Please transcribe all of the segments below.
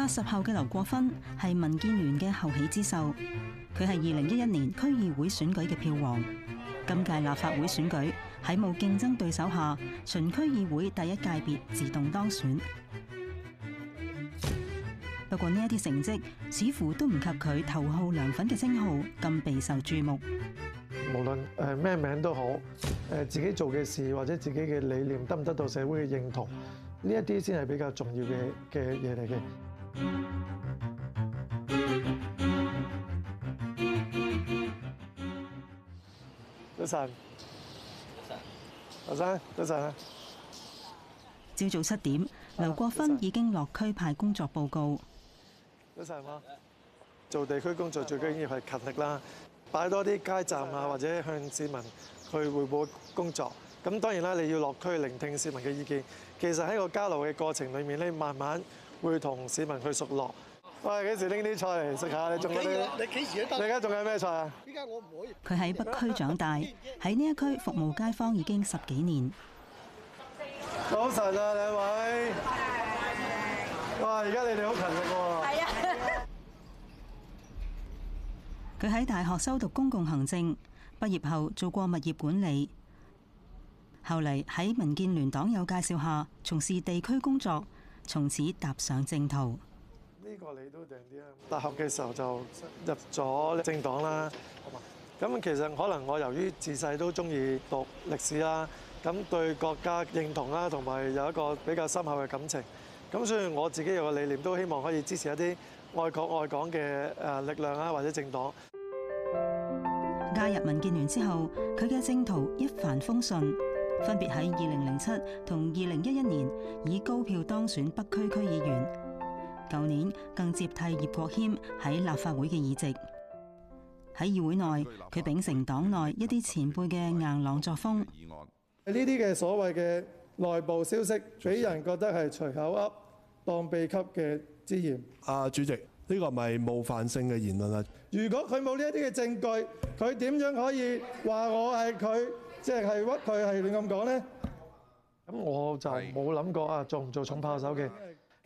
八十後嘅劉國勳係民建聯嘅後起之秀，佢係二零一一年區議會選舉嘅票王。今屆立法會選舉喺冇競爭對手下，循區議會第一界別自動當選。不過呢一啲成績似乎都唔及佢頭號梁粉嘅稱號咁備受注目。無論誒咩名都好，誒自己做嘅事或者自己嘅理念得唔得到社會嘅認同，呢一啲先係比較重要嘅嘅嘢嚟嘅。早晨，阿生，朝早七點，劉國勳已經落區派工作報告。多謝嘛，做地區工作最緊要係勤力啦，擺多啲街站啊，或者向市民去匯報工作。咁當然啦，你要落區聆聽市民嘅意見。其實喺個交流嘅過程裏面咧，你慢慢。會同市民去熟落。喂，幾時拎啲菜嚟食下？你仲有啲？你而家仲有咩菜啊？依家我唔會。佢喺北區長大，喺呢一區服務街坊已經十幾年。早晨啊，兩位！哇，而家你哋好勤力喎！係啊。佢喺大學修讀公共行政，畢業後做過物業管理，後嚟喺民建聯黨友介紹下，從事地區工作。從此踏上政途。呢個你都訂啲啦。大學嘅時候就入咗政黨啦。好嘛。咁其實可能我由於自細都中意讀歷史啦，咁對國家認同啦，同埋有一個比較深厚嘅感情。咁所以我自己有個理念，都希望可以支持一啲愛國愛港嘅誒力量啦，或者政黨。加入民建聯之後，佢嘅政途一帆風順。分別喺二零零七同二零一一年以高票當選北區區議員，舊年更接替葉國謙喺立法會嘅議席。喺議會內，佢秉承黨內一啲前輩嘅硬朗作風。呢啲嘅所謂嘅內部消息，俾人覺得係隨口噏、當秘笈嘅之嫌。啊，主席，呢、呢個係咪冒犯性嘅言論啊？如果佢冇呢一啲嘅證據，佢點樣可以話我係佢？即係係屈佢係亂咁講咧，咁我就冇諗過啊，做唔做重炮手嘅？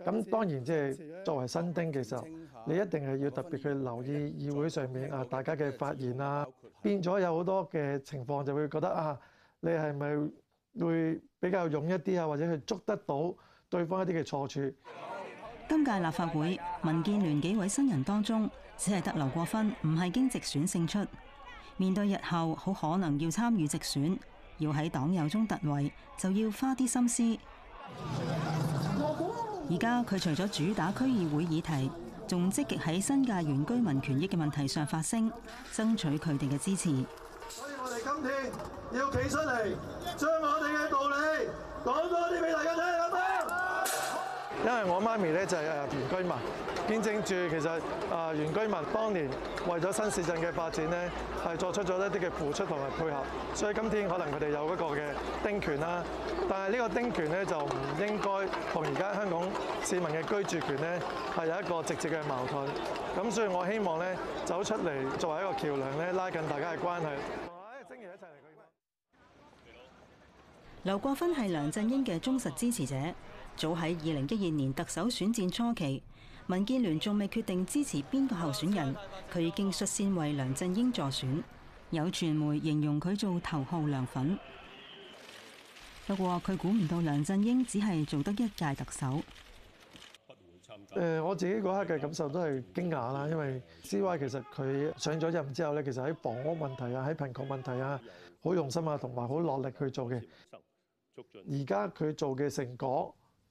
咁當然即係作為新丁嘅時候，你一定係要特別去留意議會上面啊大家嘅發言啊，變咗有好多嘅情況就會覺得啊，你係咪會比較勇一啲啊，或者去捉得到對方一啲嘅錯處？今屆立法會民建聯幾位新人當中，只係得劉國勳唔係經直選勝出。面對日後好可能要參與直選，要喺黨友中突圍，就要花啲心思。而家佢除咗主打區議會議題，仲積極喺新界原居民權益嘅問題上發聲，爭取佢哋嘅支持。所以我哋今天要企出嚟，將我哋嘅道理講多啲俾大家聽。因為我媽咪咧就係原居民，見證住其實原居民當年為咗新市鎮嘅發展咧係作出咗一啲嘅付出同埋配合，所以今天可能佢哋有一個嘅丁權啦，但係呢個丁權咧就唔應該同而家香港市民嘅居住權咧係有一個直接嘅矛盾。咁所以我希望咧走出嚟作為一個橋梁咧拉近大家嘅關係。劉國勳係梁振英嘅忠實支持者。早喺二零一二年特首選戰初期，民建聯仲未決定支持邊個候選人，佢已經率先為梁振英助選。有傳媒形容佢做頭號梁粉，不過佢估唔到梁振英只係做得一屆特首。誒，我自己嗰刻嘅感受都係驚訝啦，因為 CY 其實佢上咗任之後咧，其實喺房屋問題啊、喺貧窮問題啊，好用心啊，同埋好落力去做嘅。而家佢做嘅成果。